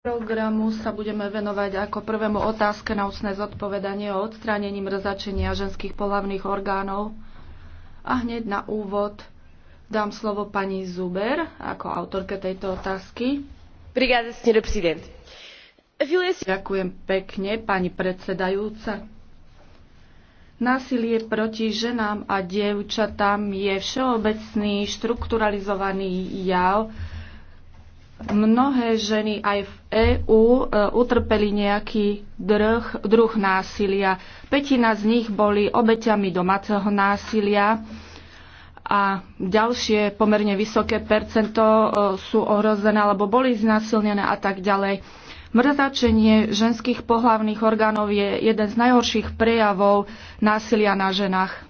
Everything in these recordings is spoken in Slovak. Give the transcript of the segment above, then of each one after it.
programu sa budeme venovať ako prvému otázke na ústne zodpovedanie o odstránení mrzačenia ženských pohlavných orgánov. A hneď na úvod dám slovo pani Zuber ako autorke tejto otázky. prezident. Ďakujem pekne, pani predsedajúca. Násilie proti ženám a dievčatám je všeobecný štrukturalizovaný jav, Mnohé ženy aj v EÚ e, utrpeli nejaký druh, druh násilia. Petina z nich boli obeťami domáceho násilia a ďalšie pomerne vysoké percento e, sú ohrozené alebo boli znásilnené a tak ďalej. Mrzačenie ženských pohlavných orgánov je jeden z najhorších prejavov násilia na ženách.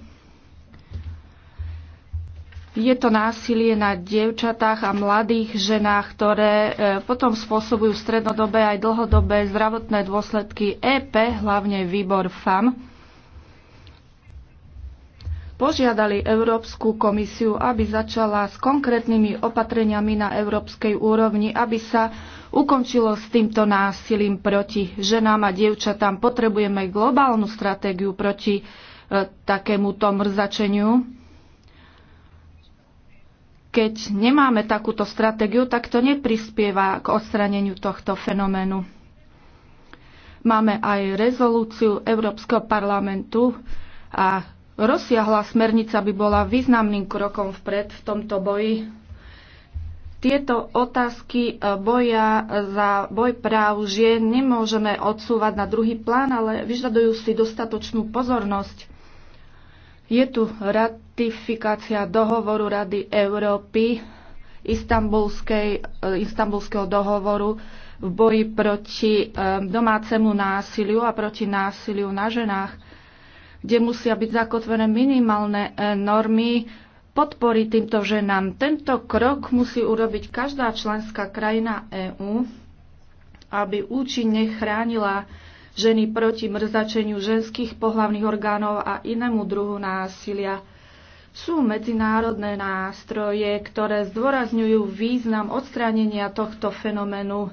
Je to násilie na dievčatách a mladých ženách, ktoré e, potom spôsobujú strednodobé aj dlhodobé zdravotné dôsledky EP, hlavne výbor FAM. Požiadali Európsku komisiu, aby začala s konkrétnymi opatreniami na európskej úrovni, aby sa ukončilo s týmto násilím proti ženám a dievčatám. Potrebujeme globálnu stratégiu proti e, takémuto mrzačeniu keď nemáme takúto stratégiu, tak to neprispieva k odstraneniu tohto fenoménu. Máme aj rezolúciu Európskeho parlamentu a rozsiahla smernica by bola významným krokom vpred v tomto boji. Tieto otázky e, boja za boj práv žien nemôžeme odsúvať na druhý plán, ale vyžadujú si dostatočnú pozornosť. Je tu ratifikácia dohovoru Rady Európy, eh, istambulského dohovoru v boji proti eh, domácemu násiliu a proti násiliu na ženách, kde musia byť zakotvené minimálne eh, normy podpory týmto ženám. Tento krok musí urobiť každá členská krajina EÚ, aby účinne chránila ženy proti mrzačeniu ženských pohlavných orgánov a inému druhu násilia. Sú medzinárodné nástroje, ktoré zdôrazňujú význam odstránenia tohto fenoménu. E,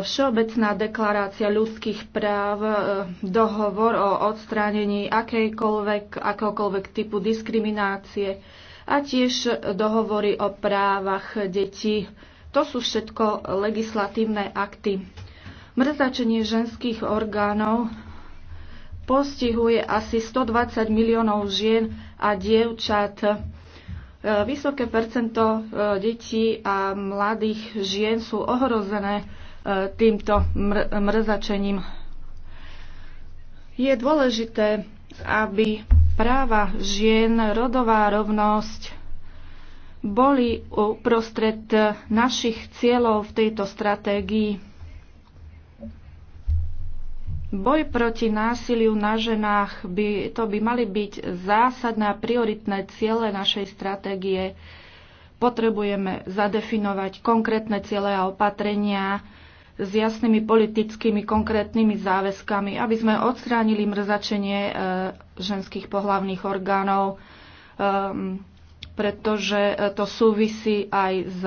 Všeobecná deklarácia ľudských práv, e, dohovor o odstránení akejkoľvek, akéhokoľvek typu diskriminácie a tiež dohovory o právach detí. To sú všetko legislatívne akty. Mrzačenie ženských orgánov postihuje asi 120 miliónov žien a dievčat. E, vysoké percento e, detí a mladých žien sú ohrozené e, týmto mr- mrzačením. Je dôležité, aby práva žien, rodová rovnosť boli uprostred našich cieľov v tejto stratégii. Boj proti násiliu na ženách, by, to by mali byť zásadné a prioritné ciele našej stratégie. Potrebujeme zadefinovať konkrétne ciele a opatrenia s jasnými politickými konkrétnymi záväzkami, aby sme odstránili mrzačenie e, ženských pohlavných orgánov, e, pretože e, to súvisí aj s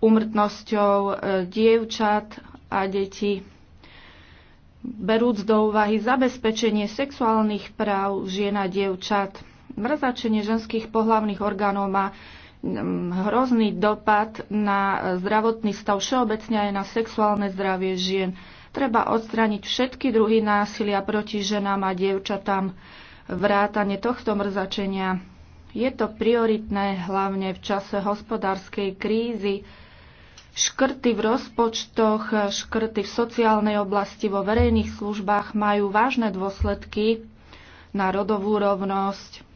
úmrtnosťou dievčat a detí berúc do úvahy zabezpečenie sexuálnych práv žien a dievčat. Mrzačenie ženských pohlavných orgánov má mm, hrozný dopad na zdravotný stav všeobecne aj na sexuálne zdravie žien. Treba odstraniť všetky druhy násilia proti ženám a dievčatám, vrátane tohto mrzačenia. Je to prioritné hlavne v čase hospodárskej krízy, Škrty v rozpočtoch, škrty v sociálnej oblasti, vo verejných službách majú vážne dôsledky na rodovú rovnosť.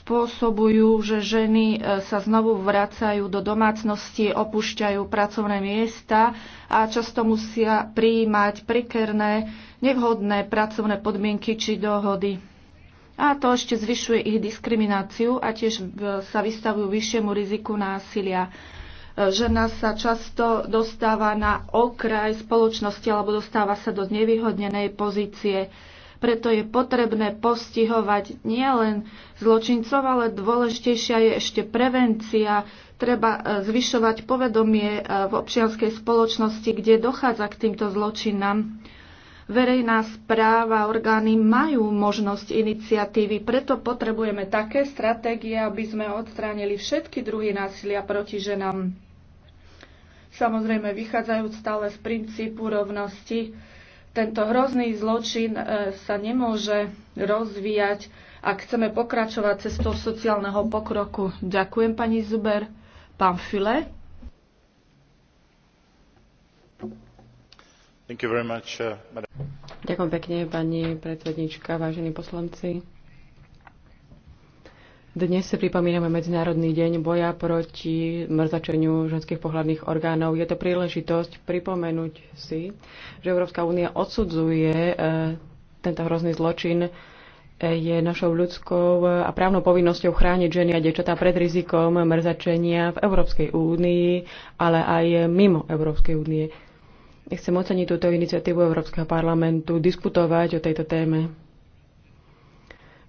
Spôsobujú, že ženy e, sa znovu vracajú do domácnosti, opúšťajú pracovné miesta a často musia prijímať prikerné, nevhodné pracovné podmienky či dohody. A to ešte zvyšuje ich diskrimináciu a tiež e, sa vystavujú vyššiemu riziku násilia žena sa často dostáva na okraj spoločnosti alebo dostáva sa do nevyhodnenej pozície. Preto je potrebné postihovať nielen zločincov, ale dôležitejšia je ešte prevencia. Treba e, zvyšovať povedomie e, v občianskej spoločnosti, kde dochádza k týmto zločinám verejná správa, orgány majú možnosť iniciatívy, preto potrebujeme také stratégie, aby sme odstránili všetky druhy násilia proti ženám. Samozrejme, vychádzajúc stále z princípu rovnosti, tento hrozný zločin e, sa nemôže rozvíjať, ak chceme pokračovať cestou sociálneho pokroku. Ďakujem, pani Zuber. Pán File. Uh, Ďakujem pekne, pani predsednička, vážení poslanci. Dnes si pripomíname Medzinárodný deň boja proti mrzačeniu ženských pohľadných orgánov. Je to príležitosť pripomenúť si, že Európska únia odsudzuje e, tento hrozný zločin. E, je našou ľudskou a právnou povinnosťou chrániť ženy a dečatá pred rizikom mrzačenia v Európskej únii, ale aj mimo Európskej únie. Chcem oceniť túto iniciatívu Európskeho parlamentu, diskutovať o tejto téme.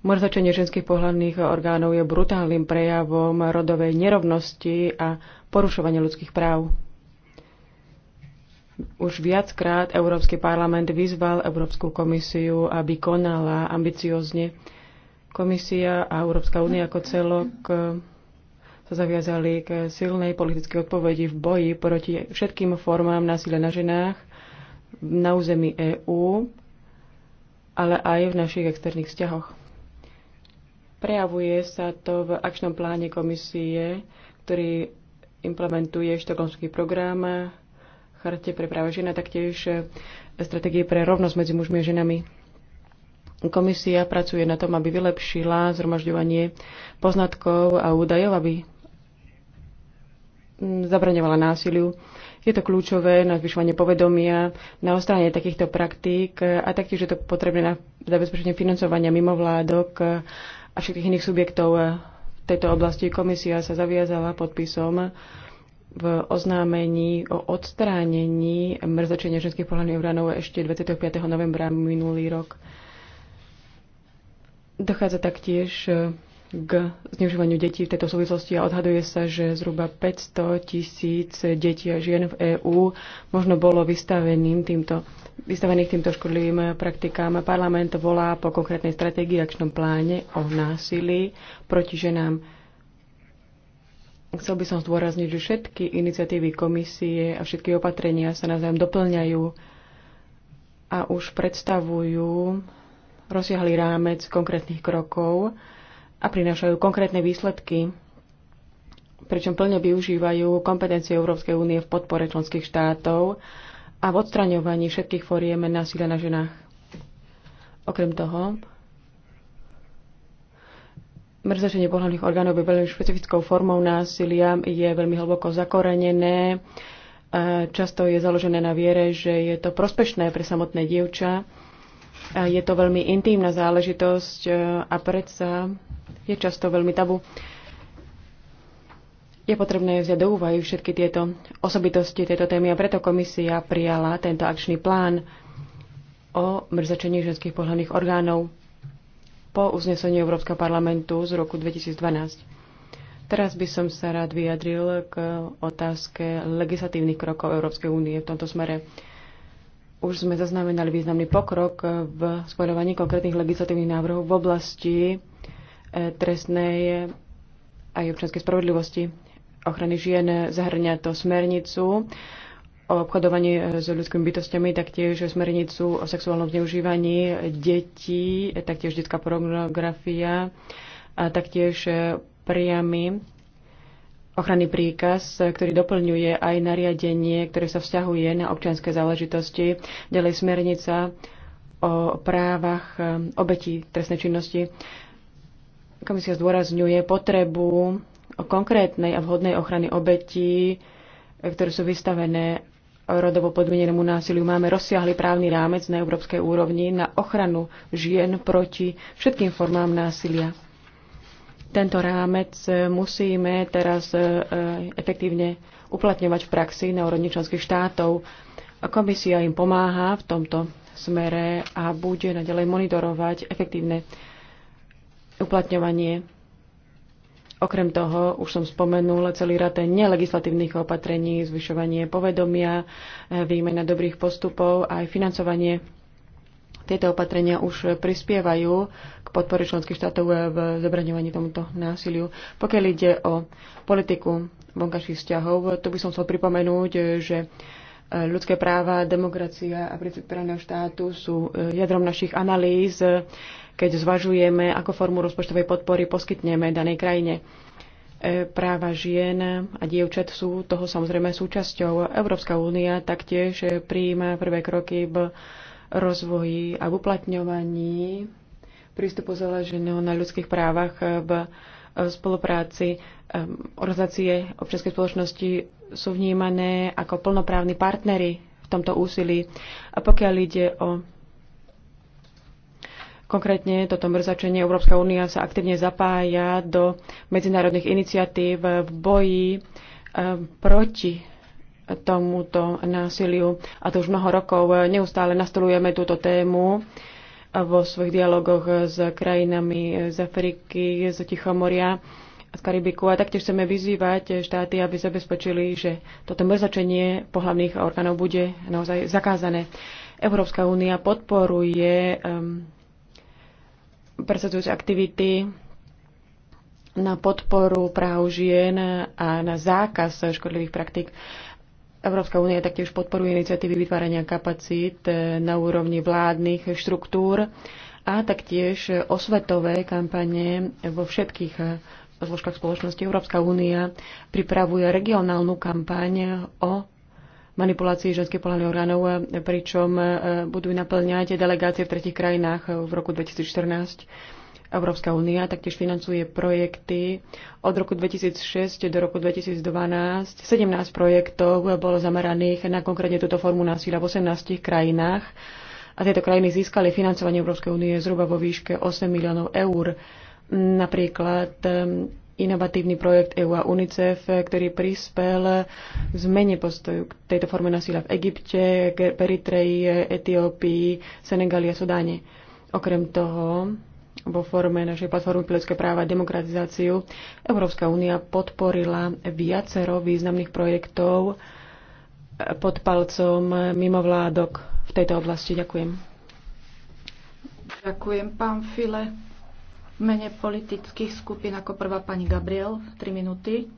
Mrzačenie ženských pohľadných orgánov je brutálnym prejavom rodovej nerovnosti a porušovania ľudských práv. Už viackrát Európsky parlament vyzval Európsku komisiu, aby konala ambiciozne. Komisia a Európska únia ako celok sa zaviazali k silnej politickej odpovedi v boji proti všetkým formám násilia na ženách na území EÚ, ale aj v našich externých vzťahoch. Prejavuje sa to v akčnom pláne komisie, ktorý implementuje štokholmský program, charte pre práva žena, taktiež stratégie pre rovnosť medzi mužmi a ženami. Komisia pracuje na tom, aby vylepšila zhromažďovanie poznatkov a údajov, aby zabraňovala násiliu. Je to kľúčové na zvyšovanie povedomia, na ostranie takýchto praktík a taktiež je to potrebné na zabezpečenie financovania mimovládok a všetkých iných subjektov v tejto oblasti. Komisia sa zaviazala podpisom v oznámení o odstránení mrzačenia ženských pohľadných obranov ešte 25. novembra minulý rok. Dochádza taktiež k zneužívaniu detí v tejto súvislosti a odhaduje sa, že zhruba 500 tisíc detí a žien v EÚ možno bolo vystaveným týmto, vystavených týmto škodlivým praktikám. Parlament volá po konkrétnej stratégii akčnom pláne o násilí proti ženám. Chcel by som zdôrazniť, že všetky iniciatívy komisie a všetky opatrenia sa navzájom doplňajú a už predstavujú rozsiahlý rámec konkrétnych krokov, a prinášajú konkrétne výsledky, pričom plne využívajú kompetencie Európskej únie v podpore členských štátov a v odstraňovaní všetkých foriem násilia na ženách. Okrem toho, mrzačenie pohľadných orgánov je veľmi špecifickou formou násilia, je veľmi hlboko zakorenené, často je založené na viere, že je to prospešné pre samotné dievča, je to veľmi intímna záležitosť a predsa je často veľmi tabu. Je potrebné vziať do úvahy všetky tieto osobitosti tieto témy a preto komisia prijala tento akčný plán o mrzačení ženských pohľadných orgánov po uznesení Európskeho parlamentu z roku 2012. Teraz by som sa rád vyjadril k otázke legislatívnych krokov Európskej únie v tomto smere. Už sme zaznamenali významný pokrok v spojovaní konkrétnych legislatívnych návrhov v oblasti trestnej aj občanskej spravodlivosti ochrany žien zahrňa to smernicu o obchodovaní s ľudskými bytostiami, taktiež smernicu o sexuálnom zneužívaní detí, taktiež detská pornografia a taktiež priamy ochranný príkaz, ktorý doplňuje aj nariadenie, ktoré sa vzťahuje na občianske záležitosti, ďalej smernica o právach obetí trestnej činnosti. Komisia zdôrazňuje potrebu o konkrétnej a vhodnej ochrany obetí, ktoré sú vystavené rodovo podmienenému násiliu. Máme rozsiahly právny rámec na európskej úrovni na ochranu žien proti všetkým formám násilia. Tento rámec musíme teraz e, efektívne uplatňovať v praxi na úrovni členských štátov. Komisia im pomáha v tomto smere a bude nadalej monitorovať efektívne uplatňovanie. Okrem toho, už som spomenul celý rad nelegislatívnych opatrení, zvyšovanie povedomia, e, výmena dobrých postupov a aj financovanie. Tieto opatrenia už prispievajú k podpore členských štátov v zabraňovaní tomuto násiliu. Pokiaľ ide o politiku vonkajších vzťahov, tu by som chcel pripomenúť, že e, ľudské práva, demokracia a princíp právneho štátu sú e, jadrom našich analýz keď zvažujeme, ako formu rozpočtovej podpory poskytneme danej krajine. E, práva žien a dievčat sú toho samozrejme súčasťou. Európska únia taktiež prijíma prvé kroky v rozvoji a v uplatňovaní prístupu založeného na ľudských právach v spolupráci e, organizácie občianskej spoločnosti sú vnímané ako plnoprávni partnery v tomto úsilí. A pokiaľ ide o Konkrétne toto mrzačenie Európska únia sa aktívne zapája do medzinárodných iniciatív v boji eh, proti tomuto násiliu. A to už mnoho rokov neustále nastolujeme túto tému eh, vo svojich dialogoch s krajinami z Afriky, z Tichomoria a z Karibiku. A taktiež chceme vyzývať štáty, aby zabezpečili, že toto mrzačenie pohľavných orgánov bude naozaj zakázané. Európska únia podporuje um, presadzujú aktivity na podporu práv žien a na zákaz škodlivých praktík. Európska únia taktiež podporuje iniciatívy vytvárania kapacít na úrovni vládnych štruktúr a taktiež osvetové kampane vo všetkých zložkách spoločnosti. Európska únia pripravuje regionálnu kampaň o manipulácii ženských pohľadných orgánov, e, pričom e, budú naplňať delegácie v tretich krajinách v roku 2014. Európska únia taktiež financuje projekty od roku 2006 do roku 2012. 17 projektov bolo zameraných na konkrétne túto formu násilia v 18 krajinách a tieto krajiny získali financovanie Európskej únie zhruba vo výške 8 miliónov eur. Napríklad inovatívny projekt EU a UNICEF, ktorý prispel k zmene postoju k tejto forme násilia v Egypte, Peritreji, Etiópii, Senegali a Sudáne. Okrem toho, vo forme našej platformy Pilotské práva a demokratizáciu, Európska únia podporila viacero významných projektov pod palcom mimovládok v tejto oblasti. Ďakujem. Ďakujem, pán File mene politických skupín ako prvá pani Gabriel, 3 minúty.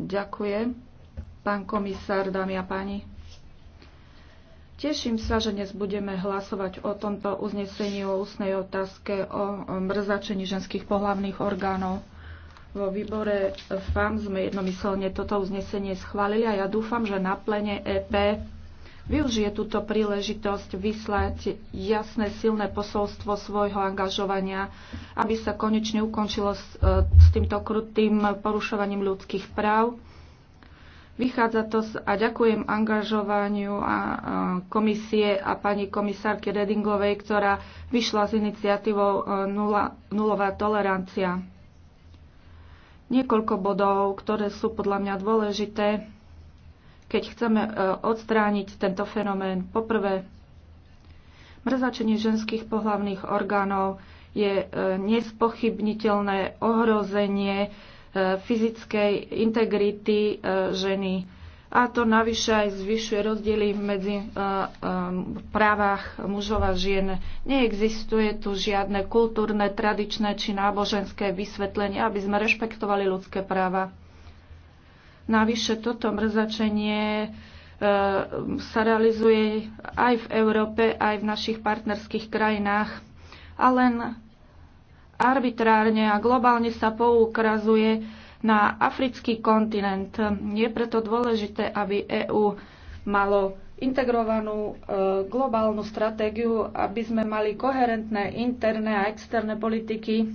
Ďakujem. Pán komisár, dámy a páni. Teším sa, že dnes budeme hlasovať o tomto uznesení o ústnej otázke o mrzačení ženských pohlavných orgánov. Vo výbore FAM sme jednomyselne toto uznesenie schválili a ja dúfam, že na plene EP využije túto príležitosť vyslať jasné, silné posolstvo svojho angažovania, aby sa konečne ukončilo s, e, s týmto krutým porušovaním ľudských práv. Vychádza to z, a ďakujem angažovaniu a, a komisie a pani komisárky Redingovej, ktorá vyšla s iniciatívou e, nula, nulová tolerancia. Niekoľko bodov, ktoré sú podľa mňa dôležité keď chceme e, odstrániť tento fenomén. Poprvé, mrzačenie ženských pohlavných orgánov je e, nespochybniteľné ohrozenie e, fyzickej integrity ženy. A to navyše aj zvyšuje rozdiely medzi právach mužov a žien. Neexistuje tu žiadne kultúrne, tradičné či náboženské vysvetlenie, aby sme rešpektovali ľudské práva. Navyše toto mrzačenie e, sa realizuje aj v Európe, aj v našich partnerských krajinách. A len arbitrárne a globálne sa poukrazuje na africký kontinent. Je preto dôležité, aby EÚ malo integrovanú e, globálnu stratégiu, aby sme mali koherentné interné a externé politiky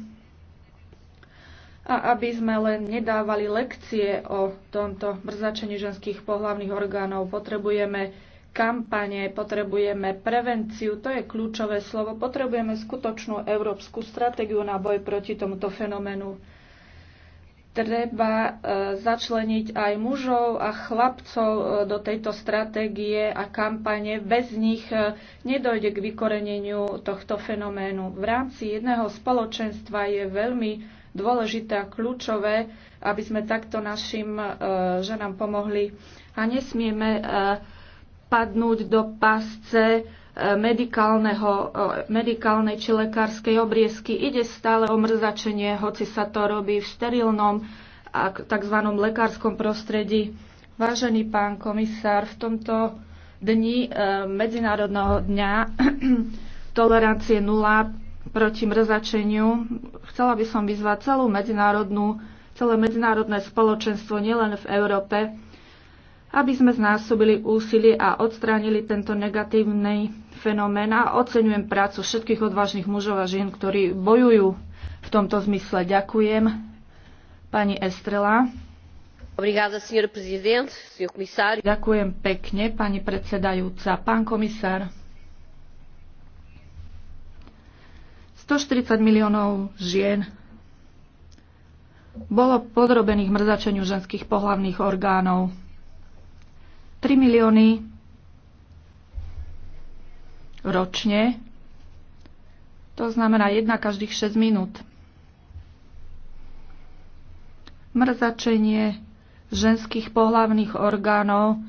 a aby sme len nedávali lekcie o tomto mrzačení ženských pohlavných orgánov. Potrebujeme kampane, potrebujeme prevenciu, to je kľúčové slovo, potrebujeme skutočnú európsku stratégiu na boj proti tomuto fenoménu. Treba e, začleniť aj mužov a chlapcov e, do tejto stratégie a kampane. Bez nich e, nedojde k vykoreneniu tohto fenoménu. V rámci jedného spoločenstva je veľmi dôležité a kľúčové, aby sme takto našim e, ženám pomohli. A nesmieme e, padnúť do pasce e, medikálnej či lekárskej obriezky. Ide stále o mrzačenie, hoci sa to robí v sterilnom a tzv. lekárskom prostredí. Vážený pán komisár, v tomto dni Medzinárodného dňa tolerancie nula proti mrzačeniu. Chcela by som vyzvať celú medzinárodnú, celé medzinárodné spoločenstvo nielen v Európe, aby sme znásobili úsilie a odstránili tento negatívny fenomén a oceňujem prácu všetkých odvážnych mužov a žien, ktorí bojujú v tomto zmysle. Ďakujem. Pani Estrela. Obrigada, senhor presidente, senhor Ďakujem pekne, pani predsedajúca. Pán komisár. 140 miliónov žien bolo podrobených mrzačeniu ženských pohlavných orgánov. 3 milióny ročne, to znamená jedna každých 6 minút. Mrzačenie ženských pohlavných orgánov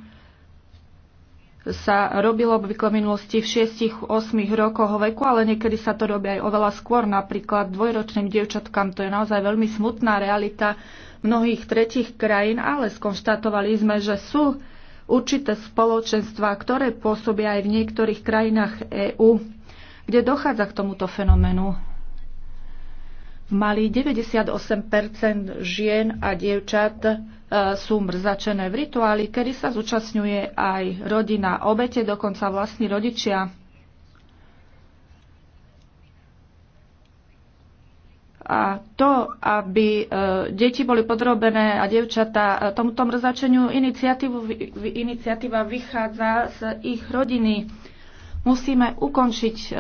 sa robilo obvykle v minulosti v 6-8 rokoch veku, ale niekedy sa to robí aj oveľa skôr. Napríklad dvojročným dievčatkám to je naozaj veľmi smutná realita mnohých tretich krajín, ale skonštatovali sme, že sú určité spoločenstva, ktoré pôsobia aj v niektorých krajinách EÚ, kde dochádza k tomuto fenoménu. V Mali 98 žien a dievčat sú mrzačené v rituáli, kedy sa zúčastňuje aj rodina obete, dokonca vlastní rodičia. A to, aby e, deti boli podrobené a devčatá e, tomuto mrzačeniu, iniciatíva vychádza z ich rodiny. Musíme ukončiť e,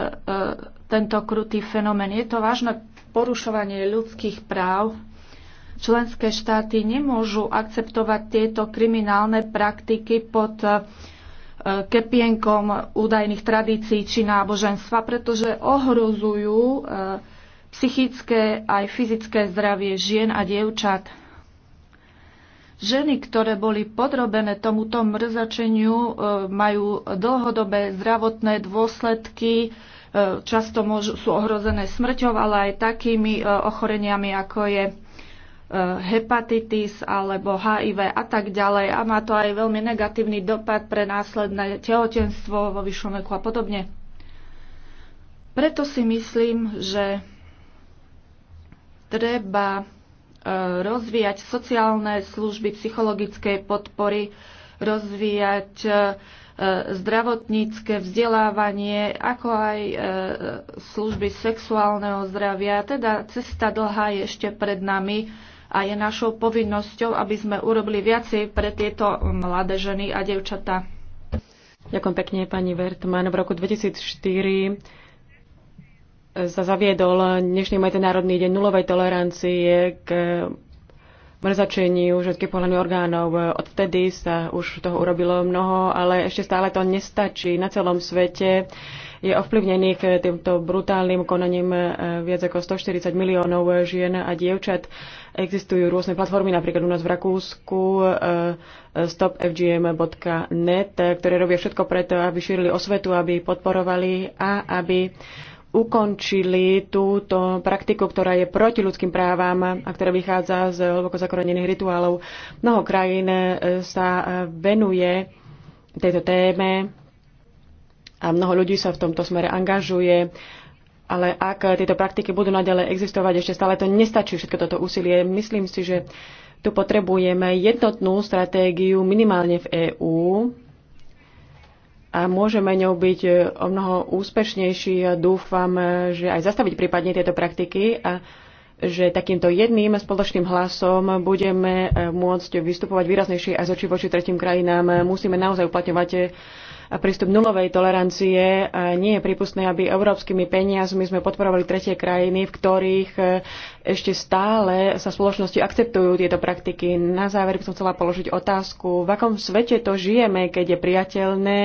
tento krutý fenomén. Je to vážne porušovanie ľudských práv Členské štáty nemôžu akceptovať tieto kriminálne praktiky pod e, kepienkom údajných tradícií či náboženstva, pretože ohrozujú e, psychické aj fyzické zdravie žien a dievčat. Ženy, ktoré boli podrobené tomuto mrzačeniu, e, majú dlhodobé zdravotné dôsledky, často sú ohrozené smrťou, ale aj takými ochoreniami, ako je Eh, hepatitis alebo HIV a tak ďalej a má to aj veľmi negatívny dopad pre následné tehotenstvo vo vyššom veku a podobne. Preto si myslím, že treba eh, rozvíjať sociálne služby psychologickej podpory, rozvíjať eh, zdravotnícke vzdelávanie, ako aj služby sexuálneho zdravia. Teda cesta dlhá je ešte pred nami a je našou povinnosťou, aby sme urobili viacej pre tieto mladé ženy a devčatá. Ďakujem pekne, pani Vertman. V roku 2004 sa zaviedol dnešný medzinárodný deň nulovej tolerancie k mrzačeniu všetkých pohľadných orgánov. Odvtedy sa už toho urobilo mnoho, ale ešte stále to nestačí. Na celom svete je ovplyvnených týmto brutálnym konaním eh, viac ako 140 miliónov žien a dievčat. Existujú rôzne platformy, napríklad u nás v Rakúsku eh, stopfgm.net, eh, ktoré robia všetko preto, aby šírili osvetu, aby podporovali a aby ukončili túto praktiku, ktorá je proti ľudským právam a ktorá vychádza z hlboko zakorenených rituálov. Mnoho krajín e, sa e, venuje tejto téme a mnoho ľudí sa v tomto smere angažuje. Ale ak tieto praktiky budú naďalej existovať, ešte stále to nestačí všetko toto úsilie. Myslím si, že tu potrebujeme jednotnú stratégiu minimálne v EÚ, a môžeme ňou byť e, o mnoho úspešnejší a dúfam, e, že aj zastaviť prípadne tieto praktiky a že takýmto jedným spoločným hlasom budeme e, môcť vystupovať výraznejšie aj z očí voči tretím krajinám. Musíme naozaj uplatňovať prístup nulovej tolerancie. E, nie je prípustné, aby európskymi peniazmi sme podporovali tretie krajiny, v ktorých e, ešte stále sa spoločnosti akceptujú tieto praktiky. Na záver by som chcela položiť otázku, v akom svete to žijeme, keď je priateľné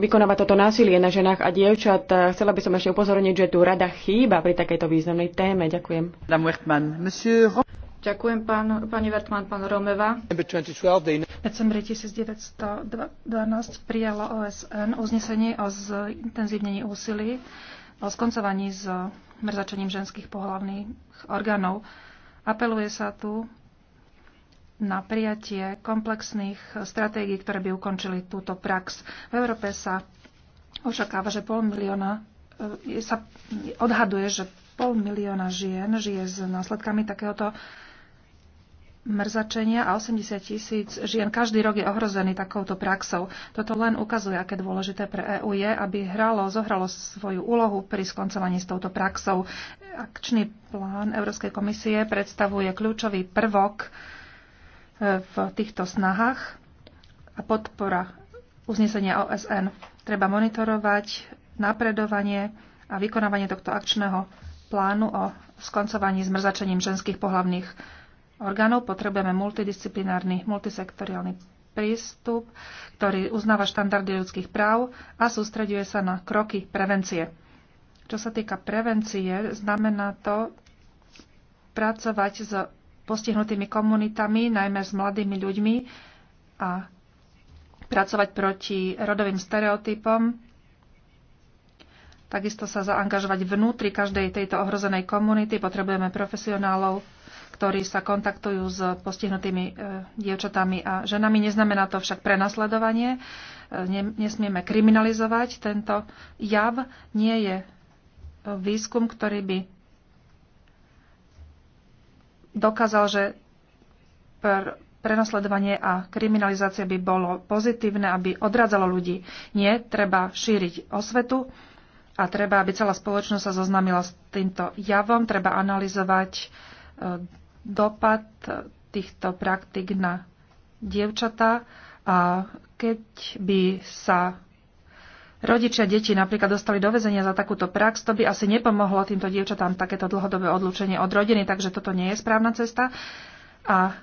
vykonávať toto násilie na ženách a dievčat. Chcela by som ešte upozorniť, že tu rada chýba pri takejto významnej téme. Ďakujem. Ďakujem, pán, pani Vertman, pán Romeva. V decembri 1912 prijala OSN uznesenie o zintenzívnení úsilí o skoncovaní s mrzačením ženských pohlavných orgánov. Apeluje sa tu na prijatie komplexných stratégií, ktoré by ukončili túto prax. V Európe sa očakáva, že pol milióna e, sa odhaduje, že pol milióna žien žije s následkami takéhoto mrzačenia a 80 tisíc žien každý rok je ohrozený takouto praxou. Toto len ukazuje, aké dôležité pre EÚ je, aby hralo, zohralo svoju úlohu pri skoncovaní s touto praxou. Akčný plán Európskej komisie predstavuje kľúčový prvok e, v týchto snahách a podpora uznesenia OSN. Treba monitorovať napredovanie a vykonávanie tohto akčného plánu o skoncovaní s mrzačením ženských pohlavných orgánov. Potrebujeme multidisciplinárny, multisektoriálny prístup, ktorý uznáva štandardy ľudských práv a sústreďuje sa na kroky prevencie. Čo sa týka prevencie, znamená to pracovať s postihnutými komunitami, najmä s mladými ľuďmi a pracovať proti rodovým stereotypom, takisto sa zaangažovať vnútri každej tejto ohrozenej komunity. Potrebujeme profesionálov, ktorí sa kontaktujú s postihnutými e, dievčatami a ženami. Neznamená to však prenasledovanie. E, nesmieme kriminalizovať tento jav. Nie je výskum, ktorý by dokázal, že prenasledovanie a kriminalizácia by bolo pozitívne, aby odradzalo ľudí. Nie, treba šíriť osvetu a treba, aby celá spoločnosť sa zoznámila s týmto javom, treba analyzovať e, dopad týchto praktik na dievčatá a keď by sa rodičia deti napríklad dostali do väzenia za takúto prax, to by asi nepomohlo týmto dievčatám takéto dlhodobé odlúčenie od rodiny, takže toto nie je správna cesta. A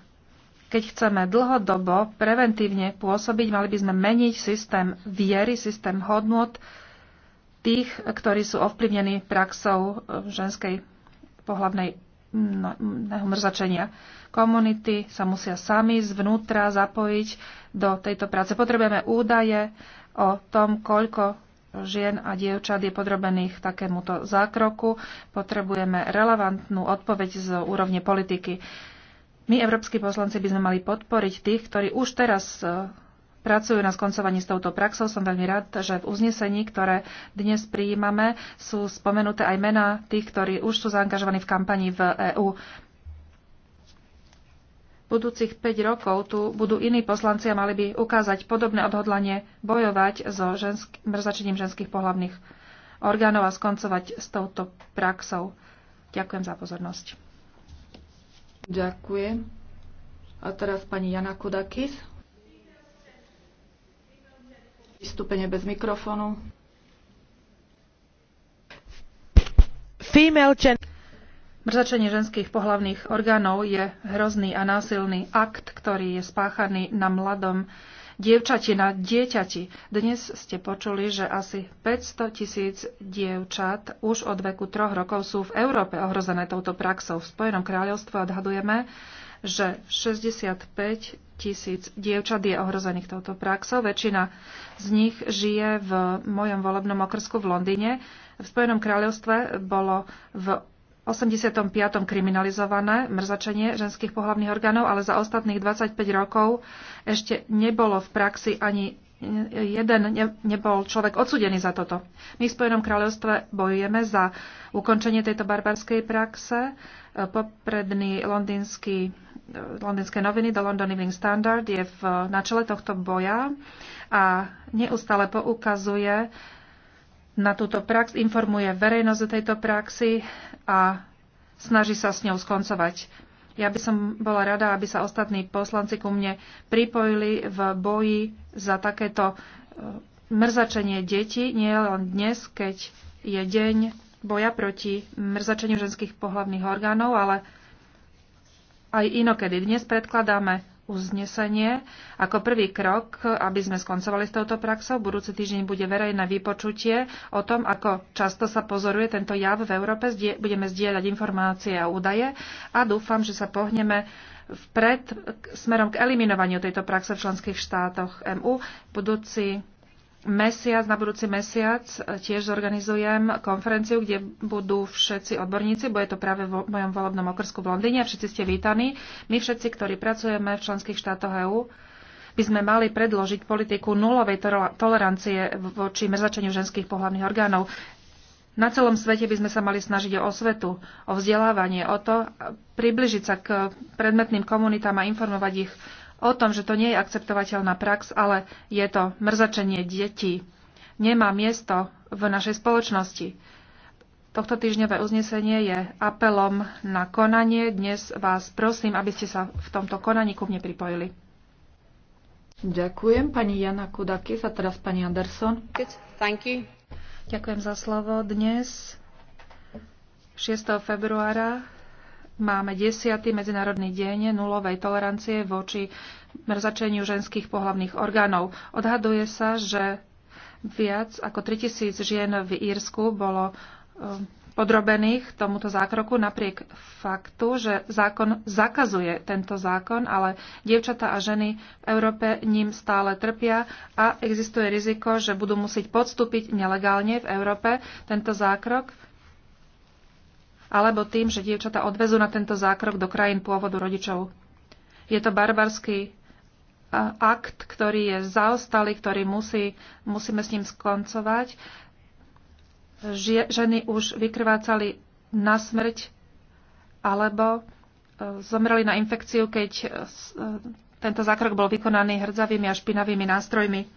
keď chceme dlhodobo preventívne pôsobiť, mali by sme meniť systém viery, systém hodnot tých, ktorí sú ovplyvnení praxou ženskej pohlavnej mrzačenia. Komunity sa musia sami zvnútra zapojiť do tejto práce. Potrebujeme údaje o tom, koľko žien a dievčat je podrobených takémuto zákroku. Potrebujeme relevantnú odpoveď z úrovne politiky. My, európsky poslanci, by sme mali podporiť tých, ktorí už teraz eh, pracujú na skoncovaní s touto praxou. Som veľmi rád, že v uznesení, ktoré dnes prijímame, sú spomenuté aj mená tých, ktorí už sú zaangažovaní v kampani v EÚ budúcich 5 rokov tu budú iní poslanci a mali by ukázať podobné odhodlanie bojovať so žensky, mrzačením ženských pohľavných orgánov a skoncovať s touto praxou. Ďakujem za pozornosť. Ďakujem. A teraz pani Jana Kodakis. Vystúpenie bez mikrofónu. Female gen- Mrzačenie ženských pohlavných orgánov je hrozný a násilný akt, ktorý je spáchaný na mladom dievčati, na dieťati. Dnes ste počuli, že asi 500 tisíc dievčat už od veku troch rokov sú v Európe ohrozené touto praxou. V Spojenom kráľovstve odhadujeme, že 65 tisíc dievčat je ohrozených touto praxou. Väčšina z nich žije v mojom volebnom okrsku v Londýne. V Spojenom kráľovstve bolo v 85. kriminalizované mrzačenie ženských pohlavných orgánov, ale za ostatných 25 rokov ešte nebolo v praxi ani jeden ne, nebol človek odsudený za toto. My v Spojenom kráľovstve bojujeme za ukončenie tejto barbarskej praxe. Popredný londýnsky londýnske noviny, The London Evening Standard, je v, na čele tohto boja a neustále poukazuje na túto prax, informuje verejnosť o tejto praxi a snaží sa s ňou skoncovať. Ja by som bola rada, aby sa ostatní poslanci ku mne pripojili v boji za takéto e, mrzačenie detí, nie len dnes, keď je deň boja proti mrzačeniu ženských pohlavných orgánov, ale aj inokedy. Dnes predkladáme uznesenie ako prvý krok, aby sme skoncovali s touto praxou. Budúci týždeň bude verejné vypočutie o tom, ako často sa pozoruje tento jav v Európe. Budeme zdieľať informácie a údaje a dúfam, že sa pohneme vpred smerom k eliminovaniu tejto praxe v členských štátoch e MU. Budúci mesiac, na budúci mesiac e, tiež zorganizujem konferenciu, kde budú všetci odborníci, bo je to práve v mojom volebnom okrsku v Londýne. Všetci ste vítaní. My všetci, ktorí pracujeme v členských štátoch EÚ, by sme mali predložiť politiku nulovej tolerancie voči mrzačeniu ženských pohľavných orgánov. Na celom svete by sme sa mali snažiť o osvetu, o vzdelávanie, o to približiť sa k predmetným komunitám a informovať ich o tom, že to nie je akceptovateľná prax, ale je to mrzačenie detí. Nemá miesto v našej spoločnosti. Tohto týždňové uznesenie je apelom na konanie. Dnes vás prosím, aby ste sa v tomto konaní ku mne pripojili. Ďakujem pani Jana Kudakis a teraz pani Anderson. Thank you. Ďakujem za slovo. Dnes 6. februára Máme 10. Medzinárodný deň nulovej tolerancie voči mrzačeniu ženských pohlavných orgánov. Odhaduje sa, že viac ako 3000 žien v Írsku bolo um, podrobených tomuto zákroku napriek faktu, že zákon zakazuje tento zákon, ale dievčatá a ženy v Európe ním stále trpia a existuje riziko, že budú musieť podstúpiť nelegálne v Európe tento zákrok alebo tým, že dievčata odvezú na tento zákrok do krajín pôvodu rodičov. Je to barbarský e, akt, ktorý je zaostalý, ktorý musí, musíme s ním skoncovať. Ženy už vykrvácali na smrť alebo e, zomreli na infekciu, keď e, tento zákrok bol vykonaný hrdzavými a špinavými nástrojmi.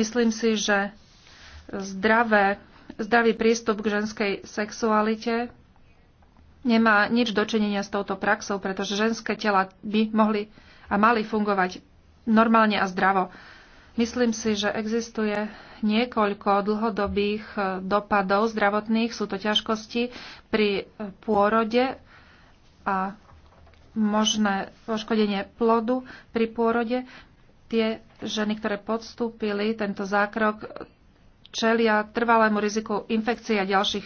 Myslím si, že zdravé, zdravý prístup k ženskej sexualite nemá nič dočinenia s touto praxou, pretože ženské tela by mohli a mali fungovať normálne a zdravo. Myslím si, že existuje niekoľko dlhodobých eh, dopadov zdravotných, sú to ťažkosti pri eh, pôrode a možné poškodenie plodu pri pôrode. Tie ženy, ktoré podstúpili tento zákrok, čelia trvalému riziku infekcie a ďalších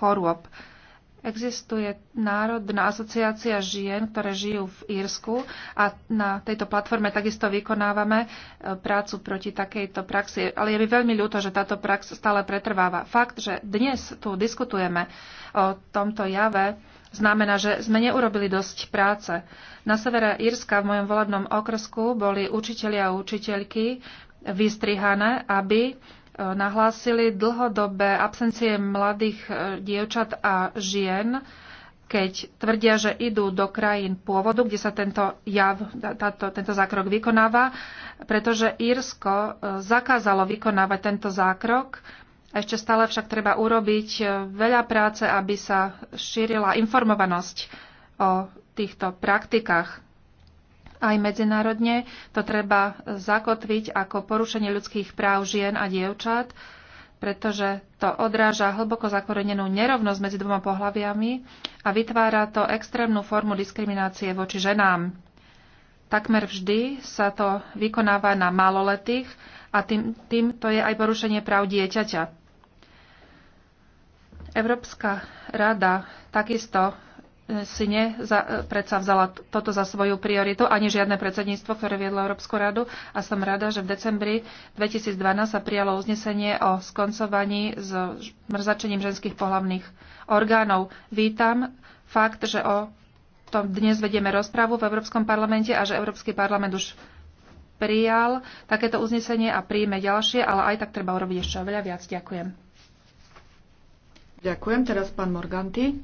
chorôb. Existuje Národná asociácia žien, ktoré žijú v Írsku a na tejto platforme takisto vykonávame e, prácu proti takejto praxi. Ale je mi veľmi ľúto, že táto prax stále pretrváva. Fakt, že dnes tu diskutujeme o tomto jave, znamená, že sme neurobili dosť práce. Na severe Írska v mojom volebnom okrsku boli učitelia a učiteľky vystrihané, aby nahlásili dlhodobé absencie mladých e, dievčat a žien, keď tvrdia, že idú do krajín pôvodu, kde sa tento jav, táto, tento zákrok vykonáva, pretože Írsko e, zakázalo vykonávať tento zákrok. Ešte stále však treba urobiť e, veľa práce, aby sa šírila informovanosť o týchto praktikách aj medzinárodne. To treba zakotviť ako porušenie ľudských práv žien a dievčat, pretože to odráža hlboko zakorenenú nerovnosť medzi dvoma pohľaviami a vytvára to extrémnu formu diskriminácie voči ženám. Takmer vždy sa to vykonáva na maloletých a tým, tým to je aj porušenie práv dieťaťa. Európska rada takisto si ne za, e, predsa vzala toto za svoju prioritu, ani žiadne predsedníctvo, ktoré viedlo Európsku radu. A som rada, že v decembri 2012 sa prijalo uznesenie o skoncovaní s mrzačením ženských pohlavných orgánov. Vítam fakt, že o tom dnes vedieme rozprávu v Európskom parlamente a že Európsky parlament už prijal takéto uznesenie a príjme ďalšie, ale aj tak treba urobiť ešte oveľa viac. Ďakujem. Ďakujem. Teraz pán Morganti.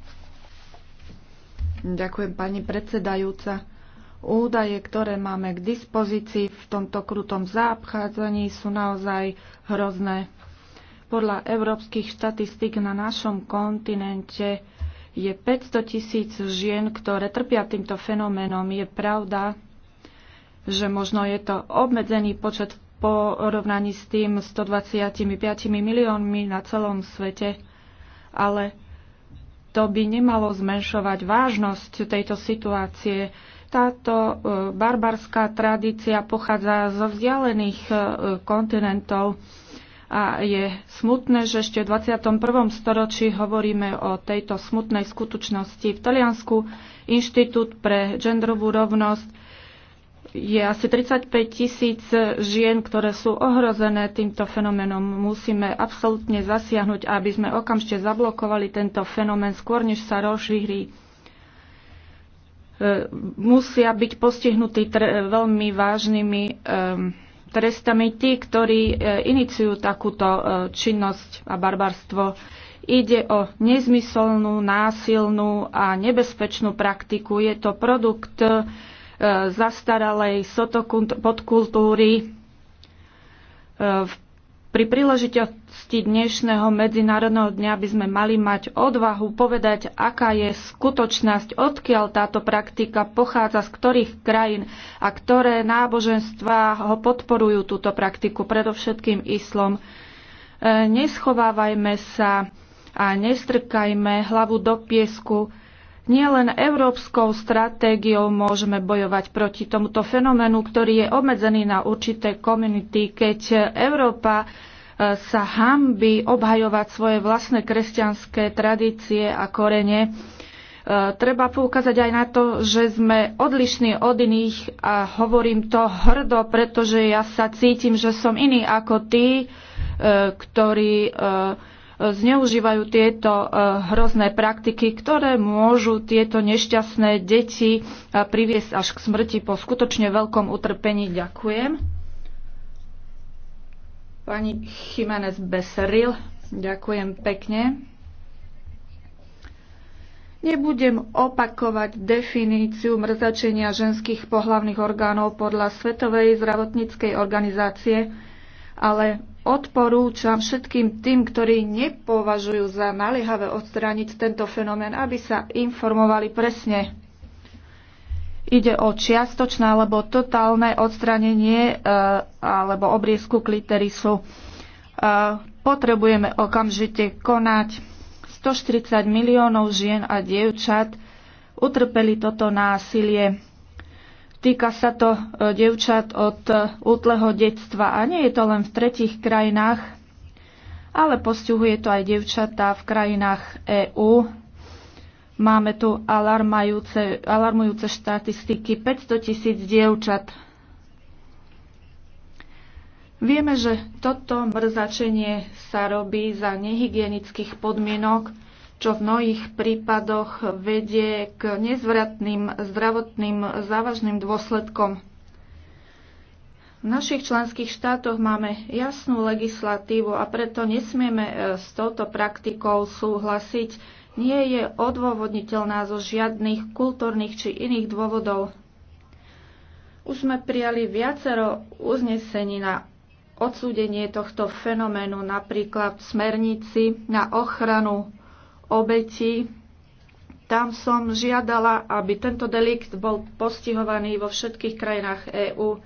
Ďakujem pani predsedajúca. Údaje, ktoré máme k dispozícii v tomto krutom zaobchádzaní, sú naozaj hrozné. Podľa európskych štatistík na našom kontinente je 500 tisíc žien, ktoré trpia týmto fenoménom. Je pravda, že možno je to obmedzený počet v porovnaní s tým 125 miliónmi na celom svete, ale to by nemalo zmenšovať vážnosť tejto situácie. Táto e, barbarská tradícia pochádza zo vzdialených e, kontinentov a je smutné, že ešte v 21. storočí hovoríme o tejto smutnej skutočnosti. V Taliansku Inštitút pre genderovú rovnosť je asi 35 tisíc žien, ktoré sú ohrozené týmto fenoménom. Musíme absolútne zasiahnuť, aby sme okamžite zablokovali tento fenomén skôr, než sa rozšíri e, musia byť postihnutí veľmi vážnymi e, trestami tí, ktorí e, iniciujú takúto činnosť a barbarstvo. Ide o nezmyselnú, násilnú a nebezpečnú praktiku. Je to produkt zastaralej podkultúry. E, pri príležitosti dnešného Medzinárodného dňa by sme mali mať odvahu povedať, aká je skutočnosť, odkiaľ táto praktika pochádza, z ktorých krajín a ktoré náboženstvá ho podporujú túto praktiku, predovšetkým islom. E, neschovávajme sa a nestrkajme hlavu do piesku, Nielen európskou stratégiou môžeme bojovať proti tomuto fenoménu, ktorý je obmedzený na určité komunity, keď Európa e, sa hambi obhajovať svoje vlastné kresťanské tradície a korene. E, treba poukázať aj na to, že sme odlišní od iných a hovorím to hrdo, pretože ja sa cítim, že som iný ako tí, e, ktorí zneužívajú tieto e, hrozné praktiky, ktoré môžu tieto nešťastné deti e, priviesť až k smrti po skutočne veľkom utrpení. Ďakujem. Pani Jiménez Beseril, ďakujem pekne. Nebudem opakovať definíciu mrzačenia ženských pohlavných orgánov podľa Svetovej zdravotníckej organizácie, ale odporúčam všetkým tým, ktorí nepovažujú za naliehavé odstrániť tento fenomén, aby sa informovali presne. Ide o čiastočné alebo totálne odstránenie e, alebo obriezku kliterisu. E, potrebujeme okamžite konať. 140 miliónov žien a dievčat utrpeli toto násilie. Týka sa to e, devčat od e, útleho detstva a nie je to len v tretich krajinách, ale postihuje to aj devčatá v krajinách EÚ. Máme tu alarmujúce štatistiky 500 tisíc dievčat. Vieme, že toto mrzačenie sa robí za nehygienických podmienok, čo v mnohých prípadoch vedie k nezvratným zdravotným závažným dôsledkom. V našich členských štátoch máme jasnú legislatívu a preto nesmieme e, s touto praktikou súhlasiť. Nie je odôvodniteľná zo žiadnych kultúrnych či iných dôvodov. Už sme prijali viacero uznesení na odsúdenie tohto fenoménu, napríklad v smernici na ochranu obeti. Tam som žiadala, aby tento delikt bol postihovaný vo všetkých krajinách EÚ.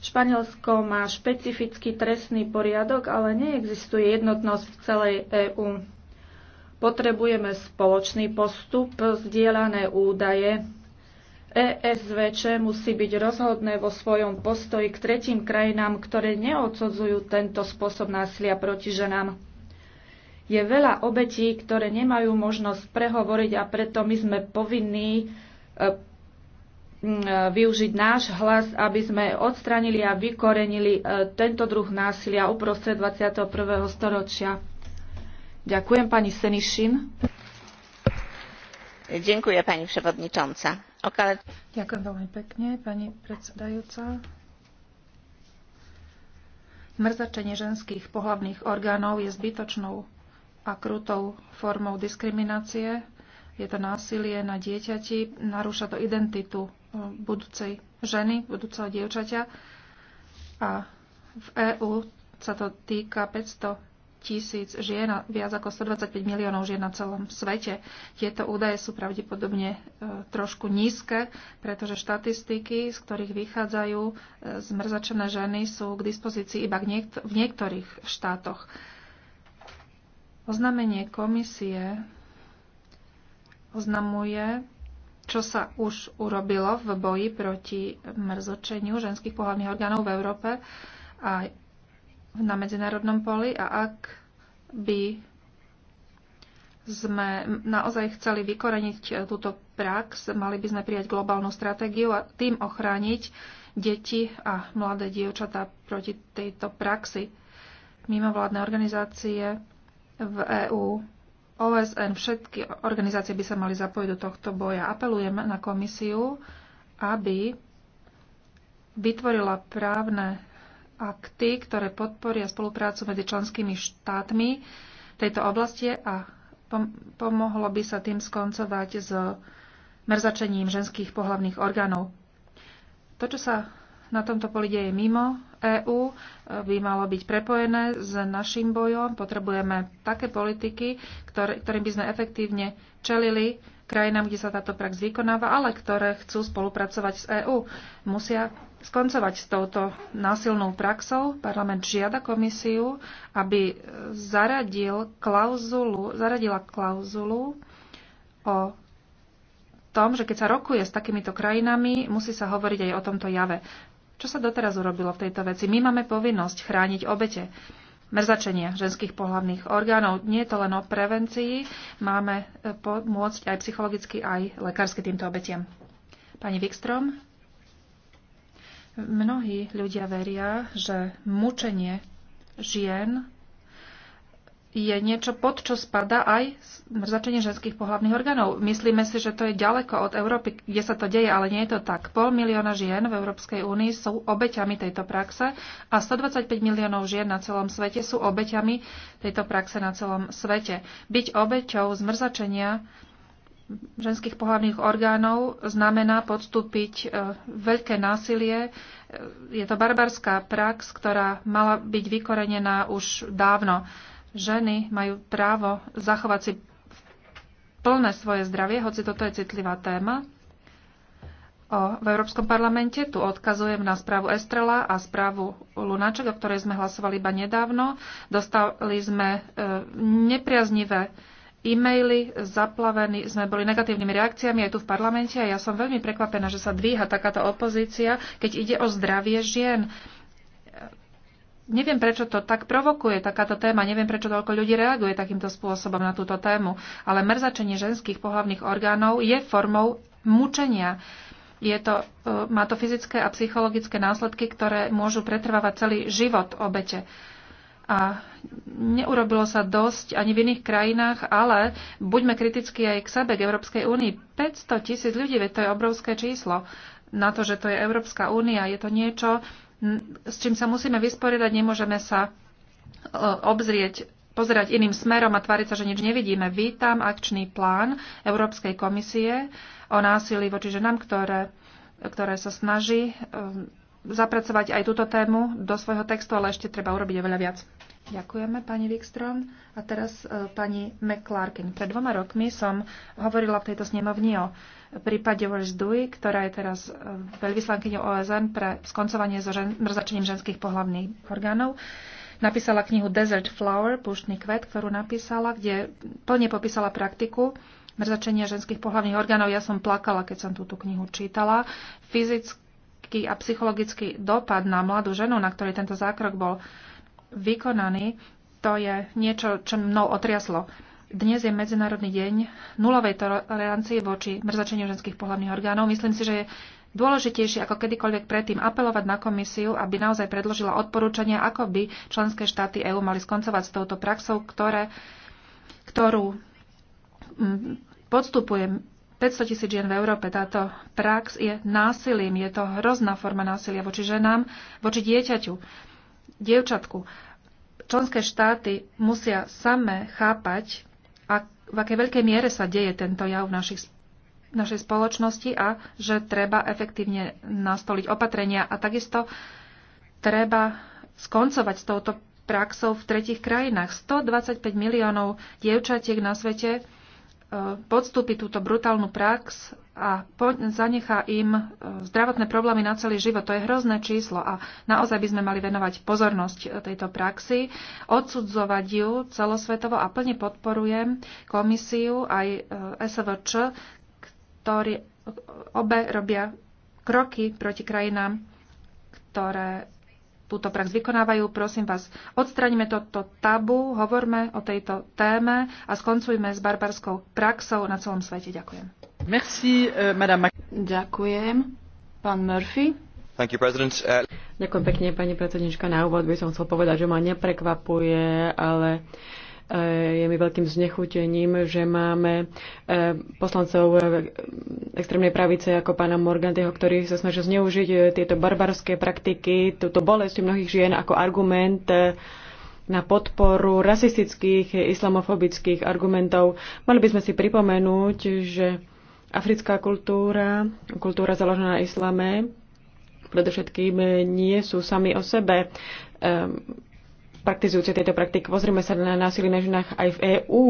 Španielsko má špecifický trestný poriadok, ale neexistuje jednotnosť v celej EÚ. Potrebujeme spoločný postup, zdieľané údaje. ESVČ musí byť rozhodné vo svojom postoji k tretím krajinám, ktoré neodsudzujú tento spôsob násilia proti ženám. Je veľa obetí, ktoré nemajú možnosť prehovoriť a preto my sme povinní e, e, využiť náš hlas, aby sme odstranili a vykorenili e, tento druh násilia uprostred 21. storočia. Ďakujem pani Senišin. Ďakujem pani prevodničonca. Okale... Ďakujem veľmi pekne, pani predsedajúca. Mrzačenie ženských pohlavných orgánov je zbytočnou a krutou formou diskriminácie. Je to násilie na dieťati, narúša to identitu e, budúcej ženy, budúceho dievčaťa. A v EÚ sa to týka 500 tisíc žien a viac ako 125 miliónov žien na celom svete. Tieto údaje sú pravdepodobne e, trošku nízke, pretože štatistiky, z ktorých vychádzajú e, zmrzačené ženy, sú k dispozícii iba v niektorých štátoch. E, Oznamenie komisie oznamuje, čo sa už urobilo v boji proti mrzočeniu ženských pohľadných orgánov v Európe a na medzinárodnom poli a ak by sme naozaj chceli vykoreniť eh, túto prax, mali by sme prijať globálnu stratégiu a tým ochrániť deti a mladé dievčatá proti tejto praxi. Mimovládne organizácie v EÚ, OSN, všetky organizácie by sa mali zapojiť do tohto boja. Apelujem na komisiu, aby vytvorila právne akty, ktoré podporia spoluprácu medzi členskými štátmi tejto oblasti a pomohlo by sa tým skoncovať s mrzačením ženských pohlavných orgánov. To, čo sa na tomto poli deje mimo EÚ, by malo byť prepojené s našim bojom. Potrebujeme také politiky, ktorý, ktorým by sme efektívne čelili krajinám, kde sa táto prax vykonáva, ale ktoré chcú spolupracovať s EÚ. Musia skoncovať s touto násilnou praxou. Parlament žiada komisiu, aby zaradil klauzulu, zaradila klauzulu o tom, že keď sa rokuje s takýmito krajinami, musí sa hovoriť aj o tomto jave. Čo sa doteraz urobilo v tejto veci? My máme povinnosť chrániť obete mrzačenia ženských pohlavných orgánov. Nie je to len o prevencii, máme e, pomôcť aj psychologicky, aj lekársky týmto obetiam. Pani Wikstrom, mnohí ľudia veria, že mučenie žien je niečo, pod čo spada aj mrzačenie ženských pohľavných orgánov. Myslíme si, že to je ďaleko od Európy, kde sa to deje, ale nie je to tak. Pol milióna žien v Európskej únii sú obeťami tejto praxe a 125 miliónov žien na celom svete sú obeťami tejto praxe na celom svete. Byť obeťou zmrzačenia ženských pohľavných orgánov znamená podstúpiť e, veľké násilie. E, je to barbarská prax, ktorá mala byť vykorenená už dávno ženy majú právo zachovať si plné svoje zdravie, hoci toto je citlivá téma. O, v Európskom parlamente tu odkazujem na správu Estrela a správu Lunáček, o ktorej sme hlasovali iba nedávno. Dostali sme e, nepriaznivé e-maily, zaplavení, sme boli negatívnymi reakciami aj tu v parlamente a ja som veľmi prekvapená, že sa dvíha takáto opozícia, keď ide o zdravie žien neviem, prečo to tak provokuje takáto téma, neviem, prečo toľko ľudí reaguje takýmto spôsobom na túto tému, ale mrzačenie ženských pohlavných orgánov je formou mučenia. Je to, e, má to fyzické a psychologické následky, ktoré môžu pretrvávať celý život obete. A neurobilo sa dosť ani v iných krajinách, ale buďme kritickí aj k sebe, k Európskej únii. 500 tisíc ľudí, veď to je obrovské číslo na to, že to je Európska únia. Je to niečo, s čím sa musíme vysporiadať, nemôžeme sa e, obzrieť pozerať iným smerom a tváriť sa, že nič nevidíme. Vítam akčný plán Európskej komisie o násilí voči ženám, ktoré, ktoré sa snaží e, zapracovať aj túto tému do svojho textu, ale ešte treba urobiť oveľa viac. Ďakujeme, pani Wikström. A teraz e, pani McClarkin. Pred dvoma rokmi som hovorila v tejto snemovni o prípade Walsh Dewey, ktorá je teraz e, veľvyslankyňou OSN pre skoncovanie so žen- mrzačením ženských pohľavných orgánov. Napísala knihu Desert Flower, púštny kvet, ktorú napísala, kde plne popísala praktiku mrzačenia ženských pohľavných orgánov. Ja som plakala, keď som túto knihu čítala. Fyzický a psychologický dopad na mladú ženu, na ktorej tento zákrok bol vykonaný, to je niečo, čo mnou otriaslo. Dnes je Medzinárodný deň nulovej tolerancie voči mrzačeniu ženských pohľavných orgánov. Myslím si, že je dôležitejšie ako kedykoľvek predtým apelovať na komisiu, aby naozaj predložila odporúčania, ako by členské štáty EÚ mali skoncovať s touto praxou, ktoré, ktorú mm, podstupuje 500 tisíc žien v Európe. Táto prax je násilím, je to hrozná forma násilia voči ženám, voči dieťaťu dievčatku. Členské štáty musia same chápať, ak, v akej veľkej miere sa deje tento jav v našich, našej spoločnosti a že treba efektívne nastoliť opatrenia a takisto treba skoncovať s touto praxou v tretich krajinách. 125 miliónov dievčatiek na svete podstúpi túto brutálnu prax a zanechá im e, zdravotné problémy na celý život. To je hrozné číslo a naozaj by sme mali venovať pozornosť e, tejto praxi, odsudzovať ju celosvetovo a plne podporujem komisiu aj e, SVČ, ktorí obe robia kroky proti krajinám, ktoré túto prax vykonávajú. Prosím vás, odstraňme toto tabu, hovorme o tejto téme a skoncujme s barbarskou praxou na celom svete. Ďakujem. Merci, euh, madame. Ďakujem. Pán Murphy. Thank you, President. Ďakujem pekne, pani predsednička. Na úvod by som chcel povedať, že ma neprekvapuje, ale uh, Eh, je mi veľkým znechutením, že máme eh, poslancov eh, extrémnej pravice ako pána Morganteho, ktorý sa snažil zneužiť tieto barbarské praktiky, túto bolesť mnohých žien ako argument na podporu rasistických, islamofobických argumentov. Mali by sme si pripomenúť, že africká kultúra, kultúra založená na islame, predovšetkým nie sú sami o sebe. Um, praktizujúce tieto praktiky. Pozrime sa na násilie na ženách aj v EÚ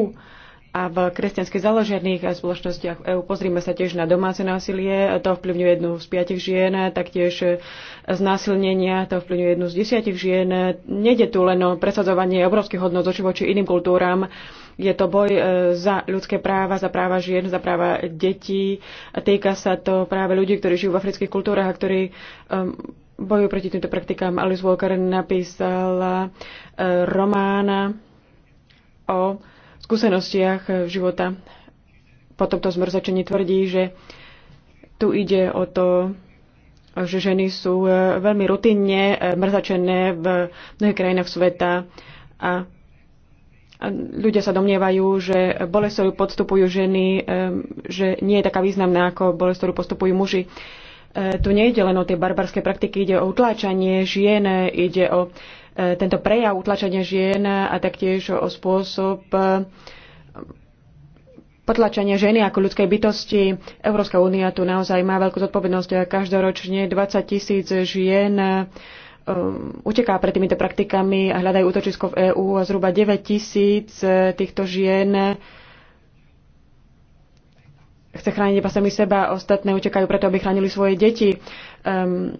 a v kresťansky založených spoločnostiach EÚ. Pozrime sa tiež na domáce násilie, to vplyvňuje jednu z piatich žien, taktiež znásilnenia, to vplyvňuje jednu z desiatich žien. Nede tu len o presadzovanie obrovských hodnot oči voči iným kultúram, je to boj e, za ľudské práva, za práva žien, za práva detí. Týka sa to práve ľudí, ktorí žijú v afrických kultúrach a ktorí um, boju proti týmto praktikám. Alice Walker napísala eh, romána o skúsenostiach života po tomto zmrzačení tvrdí, že tu ide o to, že ženy sú eh, veľmi rutinne eh, mrzačené v mnohých krajinách sveta a ľudia sa domnievajú, že bolesť, ktorú podstupujú ženy, že nie je taká významná ako bolesť, ktorú muži. E, tu nejde len o tie barbarské praktiky, ide o utláčanie žien, ide o e, tento prejav utlačania žien a taktiež o spôsob e, potlačania ženy ako ľudskej bytosti. Európska únia tu naozaj má veľkú zodpovednosť. Každoročne 20 tisíc žien uteká pred týmito praktikami a hľadajú útočisko v EÚ a zhruba 9 tisíc týchto žien chce chrániť iba sami seba, ostatné utekajú preto, aby chránili svoje deti. Um,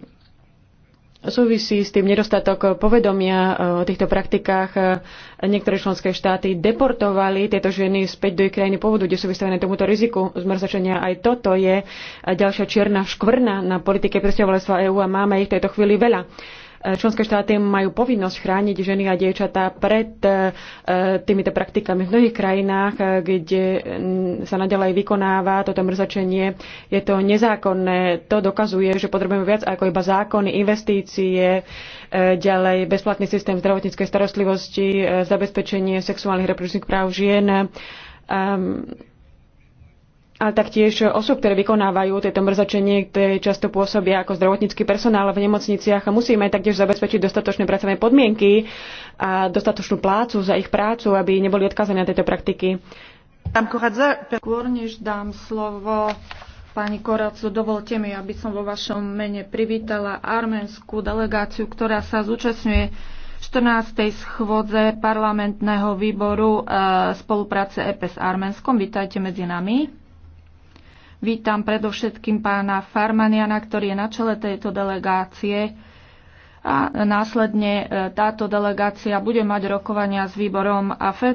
súvisí s tým nedostatok povedomia eh, o týchto praktikách. Eh, niektoré členské štáty deportovali tieto ženy späť do ich krajiny pôvodu, kde sú vystavené tomuto riziku zmrzačenia. Aj toto je eh, ďalšia čierna škvrna na politike presťahovalstva EÚ a máme ich v tejto chvíli veľa. Členské štáty majú povinnosť chrániť ženy a dievčatá pred e, týmito praktikami. V mnohých krajinách, e, kde sa nadalej vykonáva toto mrzačenie, je to nezákonné. To dokazuje, že potrebujeme viac ako iba zákony, investície, e, ďalej bezplatný systém zdravotníckej starostlivosti, zabezpečenie sexuálnych reprodukčných práv žien ehm, ale taktiež osob, ktoré vykonávajú tieto mrzačenie, ktoré často pôsobia ako zdravotnícky personál v nemocniciach. a Musíme taktiež zabezpečiť dostatočné pracovné podmienky a dostatočnú plácu za ich prácu, aby neboli odkazané na tieto praktiky. Skôr než dám slovo pani Koracu, dovolte mi, aby som vo vašom mene privítala arménskú delegáciu, ktorá sa zúčastňuje 14. schôdze parlamentného výboru e, spolupráce EP s Arménskom. Vítajte medzi nami. Vítam predovšetkým pána Farmaniana, ktorý je na čele tejto delegácie a následne e, táto delegácia bude mať rokovania s výborom AFET